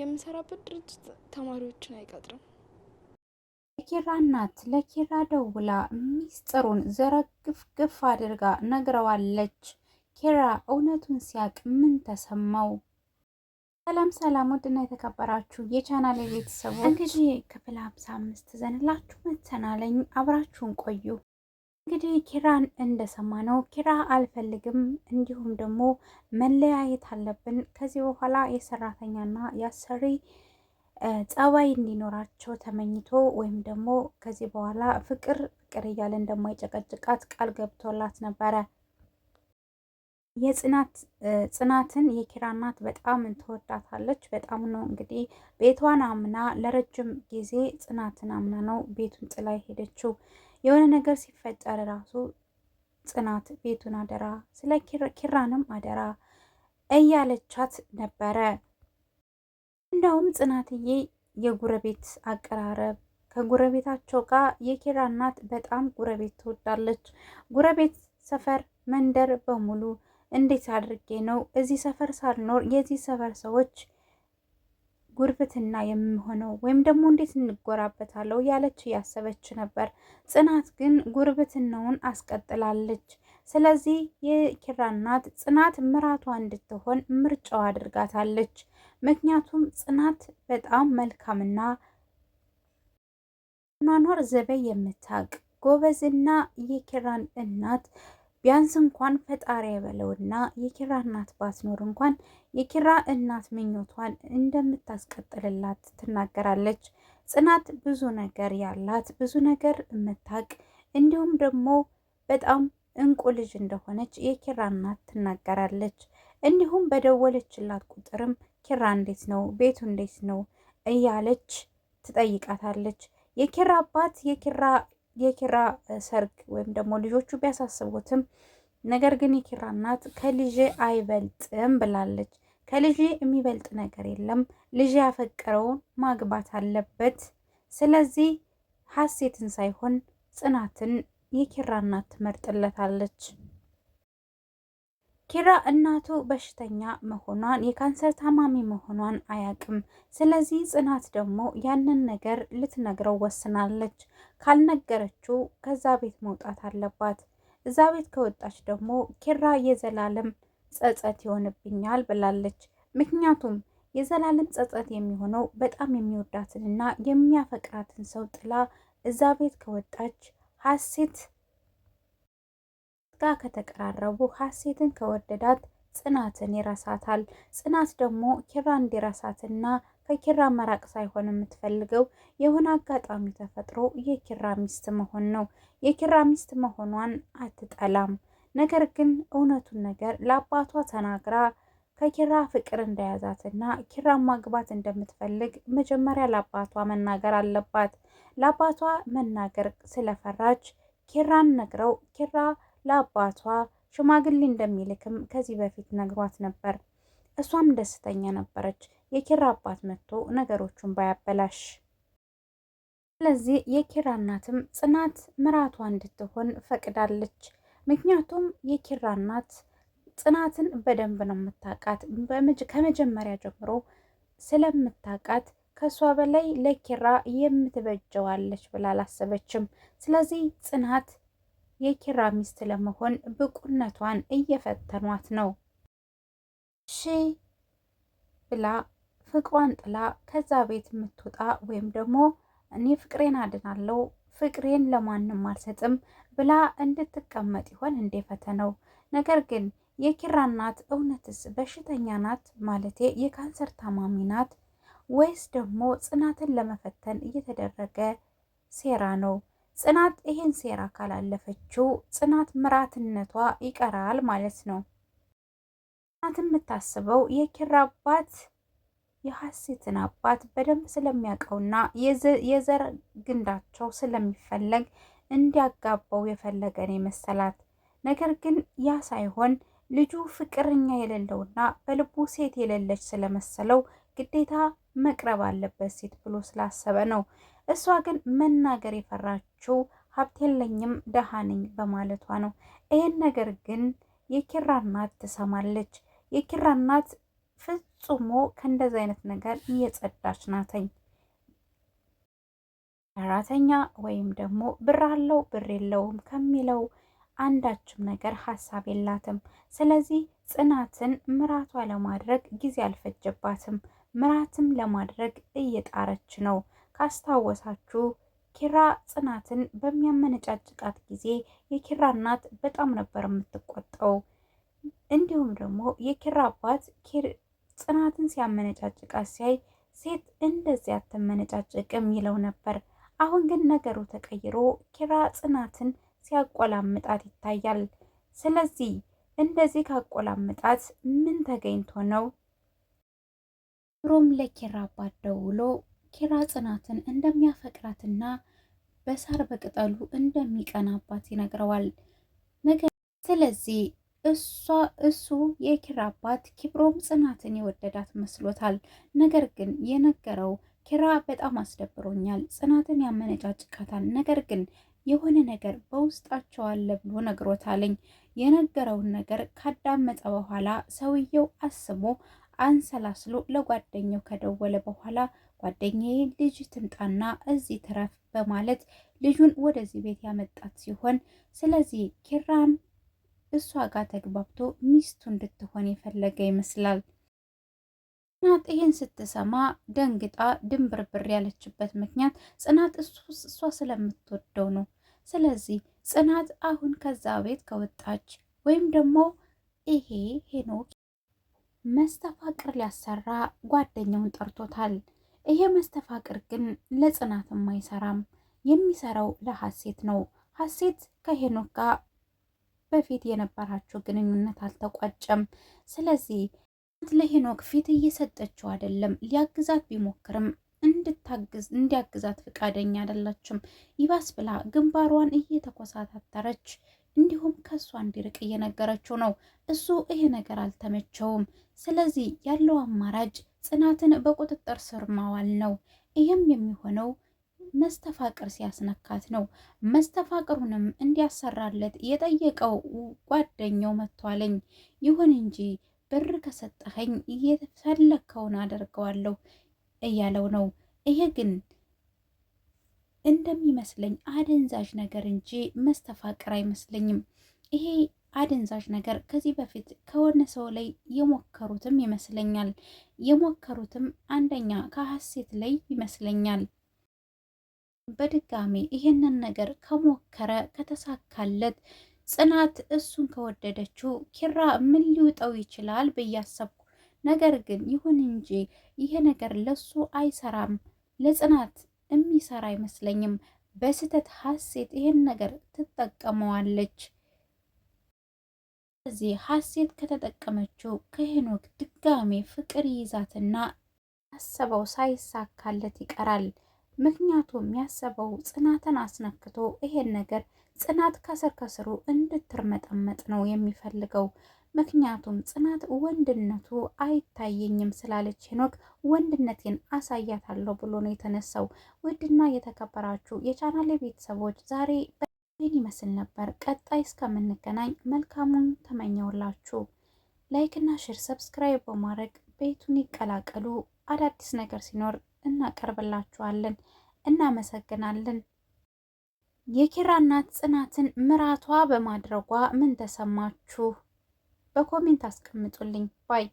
የምሰራበት ድርጅት ተማሪዎችን አይቀጥርም። የኪራ እናት ለኪራ ደውላ ሚስጥሩን ዘረግፍግፍ አድርጋ ነግረዋለች። ኪራ እውነቱን ሲያቅ ምን ተሰማው? ሰላም ሰላም! ውድና የተከበራችሁ የቻናል ቤተሰቦች እንግዲህ ክፍል ሀምሳ አምስት ዘንላችሁ መተናለኝ አብራችሁን ቆዩ። እንግዲህ ኪራን እንደሰማ ነው። ኪራ አልፈልግም፣ እንዲሁም ደግሞ መለያየት አለብን። ከዚህ በኋላ የሰራተኛና የአሰሪ ጸባይ እንዲኖራቸው ተመኝቶ ወይም ደግሞ ከዚህ በኋላ ፍቅር ፍቅር እያለ እንደማይጨቀጭቃት ቃል ገብቶላት ነበረ። የጽናት ጽናትን የኪራ እናት በጣም ትወዳታለች። በጣም ነው እንግዲህ ቤቷን አምና ለረጅም ጊዜ ጽናትን አምና ነው ቤቱን ጥላ ሄደችው። የሆነ ነገር ሲፈጠር ራሱ ጽናት ቤቱን አደራ ስለ ኪራንም አደራ እያለቻት ነበረ። እንደውም ጽናትዬ የጉረቤት አቀራረብ ከጉረቤታቸው ጋር የኪራ እናት በጣም ጉረቤት ትወዳለች። ጉረቤት ሰፈር መንደር በሙሉ እንዴት አድርጌ ነው እዚህ ሰፈር ሳልኖር የዚህ ሰፈር ሰዎች ጉርብትና የምሆነው ወይም ደግሞ እንዴት እንጎራበታለው ያለች እያሰበች ነበር። ጽናት ግን ጉርብትናውን አስቀጥላለች። ስለዚህ የኪራ እናት ጽናት ምራቷ እንድትሆን ምርጫዋ አድርጋታለች። ምክንያቱም ጽናት በጣም መልካምና ኗኗር ዘበይ የምታውቅ ጎበዝና የኪራን እናት ቢያንስ እንኳን ፈጣሪ የበለውና የኪራ እናት ባትኖር እንኳን የኪራ እናት ምኞቷን እንደምታስቀጥልላት ትናገራለች። ጽናት ብዙ ነገር ያላት ብዙ ነገር የምታውቅ እንዲሁም ደግሞ በጣም እንቁ ልጅ እንደሆነች የኪራ እናት ትናገራለች። እንዲሁም በደወለችላት ቁጥርም ኪራ እንዴት ነው ቤቱ እንዴት ነው እያለች ትጠይቃታለች። የኪራ አባት የኪራ የኪራ ሰርግ ወይም ደግሞ ልጆቹ ቢያሳስቡትም ነገር ግን የኪራ እናት ከልጄ አይበልጥም ብላለች። ከልጄ የሚበልጥ ነገር የለም፣ ልጄ ያፈቀረውን ማግባት አለበት። ስለዚህ ሀሴትን ሳይሆን ጽናትን የኪራ እናት ትመርጥለታለች። ኪራ እናቱ በሽተኛ መሆኗን የካንሰር ታማሚ መሆኗን አያውቅም። ስለዚህ ጽናት ደግሞ ያንን ነገር ልትነግረው ወስናለች። ካልነገረችው ከዛ ቤት መውጣት አለባት። እዛ ቤት ከወጣች ደግሞ ኪራ የዘላለም ጸጸት ይሆንብኛል ብላለች። ምክንያቱም የዘላለም ጸጸት የሚሆነው በጣም የሚወዳትንና የሚያፈቅራትን ሰው ጥላ እዛ ቤት ከወጣች ሀሴት ጋር ከተቀራረቡ ሀሴትን ከወደዳት ጽናትን ይረሳታል። ጽናት ደግሞ ኪራ እንዲረሳትና ከኪራ መራቅ ሳይሆን የምትፈልገው የሆነ አጋጣሚ ተፈጥሮ የኪራ ሚስት መሆን ነው። የኪራ ሚስት መሆኗን አትጠላም። ነገር ግን እውነቱን ነገር ለአባቷ ተናግራ ከኪራ ፍቅር እንደያዛትና ኪራን ማግባት እንደምትፈልግ መጀመሪያ ለአባቷ መናገር አለባት። ለአባቷ መናገር ስለፈራች ኪራን ነግረው ኪራ ለአባቷ ሽማግሌ እንደሚልክም ከዚህ በፊት ነግሯት ነበር። እሷም ደስተኛ ነበረች፣ የኪራ አባት መጥቶ ነገሮቹን ባያበላሽ። ስለዚህ የኪራ እናትም ጽናት ምራቷ እንድትሆን ፈቅዳለች። ምክንያቱም የኪራ እናት ጽናትን በደንብ ነው የምታውቃት። ከመጀመሪያ ጀምሮ ስለምታውቃት ከእሷ በላይ ለኪራ የምትበጀዋለች ብላ አላሰበችም። ስለዚህ ጽናት የኪራ ሚስት ለመሆን ብቁነቷን እየፈተኗት ነው። እሺ ብላ ፍቅሯን ጥላ ከዛ ቤት የምትወጣ ወይም ደግሞ እኔ ፍቅሬን አድናለው ፍቅሬን ለማንም አልሰጥም ብላ እንድትቀመጥ ይሆን እንዴ ፈተነው? ነገር ግን የኪራ እናት እውነትስ በሽተኛ ናት? ማለቴ የካንሰር ታማሚ ናት ወይስ ደግሞ ጽናትን ለመፈተን እየተደረገ ሴራ ነው? ጽናት ይህን ሴራ ካላለፈችው ጽናት ምራትነቷ ይቀራል ማለት ነው። ጽናት የምታስበው የኪራ አባት የሀሴትን አባት በደንብ ስለሚያውቀውና የዘር ግንዳቸው ስለሚፈለግ እንዲያጋባው የፈለገን የመሰላት ነገር ግን ያ ሳይሆን ልጁ ፍቅረኛ የሌለውና በልቡ ሴት የሌለች ስለመሰለው ግዴታ መቅረብ አለበት ሴት ብሎ ስላሰበ ነው። እሷ ግን መናገር የፈራችው ሀብት የለኝም ደሃ ነኝ በማለቷ ነው። ይህን ነገር ግን የኪራ እናት ትሰማለች። የኪራ እናት ፍጹሞ ከእንደዚህ አይነት ነገር እየጸዳች ናተኝ። ሰራተኛ ወይም ደግሞ ብር አለው ብር የለውም ከሚለው አንዳችም ነገር ሀሳብ የላትም። ስለዚህ ጽናትን ምራቷ ለማድረግ ጊዜ አልፈጀባትም። ምራትም ለማድረግ እየጣረች ነው። ካስታወሳችሁ ኪራ ጽናትን በሚያመነጫጭቃት ጊዜ የኪራ እናት በጣም ነበር የምትቆጣው። እንዲሁም ደግሞ የኪራ አባት ጽናትን ሲያመነጫጭቃት ሲያይ ሴት እንደዚያ አትመነጫጭቅም ይለው ነበር። አሁን ግን ነገሩ ተቀይሮ ኪራ ጽናትን ሲያቆላምጣት ይታያል። ስለዚህ እንደዚህ ካቆላምጣት ምን ተገኝቶ ነው ብሮም ለኪራ አባት ደውሎ ኪራ ጽናትን እንደሚያፈቅራትና በሳር በቅጠሉ እንደሚቀናባት ይነግረዋል። ነገር ስለዚህ እሷ እሱ የኪራ አባት ኪብሮም ጽናትን የወደዳት መስሎታል። ነገር ግን የነገረው ኪራ በጣም አስደብሮኛል፣ ጽናትን ያመነጫጭካታል። ነገር ግን የሆነ ነገር በውስጣቸው አለ ብሎ ነግሮታለኝ። የነገረውን ነገር ካዳመጠ በኋላ ሰውየው አስቦ አንሰላስሎ ለጓደኛው ከደወለ በኋላ ጓደኛዬ ልጅ ትምጣና እዚህ ትረፍ በማለት ልጁን ወደዚህ ቤት ያመጣት ሲሆን ስለዚህ ኪራም እሷ ጋር ተግባብቶ ሚስቱ እንድትሆን የፈለገ ይመስላል። ጽናት ይህን ስትሰማ ደንግጣ ድንብርብር ያለችበት ምክንያት ጽናት እሷ ስለምትወደው ነው። ስለዚህ ጽናት አሁን ከዛ ቤት ከወጣች ወይም ደግሞ ይሄ ሄኖክ መስተፋቅር ሊያሰራ ጓደኛውን ጠርቶታል። ይሄ መስተፋቅር ግን ለጽናትም አይሰራም። የሚሰራው ለሐሴት ነው። ሐሴት ከሄኖክ ጋር በፊት የነበራቸው ግንኙነት አልተቋጨም። ስለዚህ ለሄኖክ ፊት እየሰጠችው አይደለም። ሊያግዛት ቢሞክርም እንድታግዝ እንዲያግዛት ፈቃደኛ አይደለችም። ይባስ ብላ ግንባሯን እየተኮሳታተረች እንዲሁም ከእሷ እንዲርቅ እየነገረችው ነው። እሱ ይሄ ነገር አልተመቸውም። ስለዚህ ያለው አማራጭ ጽናትን በቁጥጥር ስር ማዋል ነው። ይህም የሚሆነው መስተፋቅር ሲያስነካት ነው። መስተፋቅሩንም እንዲያሰራለት የጠየቀው ጓደኛው መጥቷለኝ። ይሁን እንጂ ብር ከሰጠኸኝ እየፈለግከውን አደርገዋለሁ እያለው ነው። ይሄ ግን እንደሚመስለኝ አደንዛዥ ነገር እንጂ መስተፋቅር አይመስለኝም። ይሄ አደንዛዥ ነገር ከዚህ በፊት ከሆነ ሰው ላይ የሞከሩትም ይመስለኛል። የሞከሩትም አንደኛ ከሀሴት ላይ ይመስለኛል። በድጋሚ ይህንን ነገር ከሞከረ ከተሳካለት ጽናት እሱን ከወደደችው ኪራ ምን ሊውጠው ይችላል ብያሰብኩ። ነገር ግን ይሁን እንጂ ይሄ ነገር ለሱ አይሰራም ለጽናት የሚሰራ አይመስለኝም። በስህተት ሀሴት ይህን ነገር ትጠቀመዋለች። እዚህ ሀሴት ከተጠቀመችው ከሄኖክ ድጋሜ ፍቅር ይይዛትና ያሰበው ሳይሳካለት ይቀራል። ምክንያቱም ያሰበው ጽናትን አስነክቶ ይሄን ነገር ጽናት ከስር ከስሩ እንድትርመጠመጥ ነው የሚፈልገው። ምክንያቱም ጽናት ወንድነቱ አይታየኝም ስላለች ሄኖክ ወንድነቴን አሳያታለሁ ብሎ ነው የተነሳው። ውድና የተከበራችሁ የቻናሌ ቤተሰቦች ዛሬ ይህን ይመስል ነበር። ቀጣይ እስከምንገናኝ መልካሙን ተመኘውላችሁ። ላይክና ሼር፣ ሰብስክራይብ በማድረግ ቤቱን ይቀላቀሉ። አዳዲስ ነገር ሲኖር እናቀርብላችኋለን። እናመሰግናለን። የኪራ እናት ጽናትን ምራቷ በማድረጓ ምን ተሰማችሁ? በኮሜንት አስቀምጡልኝ ባይ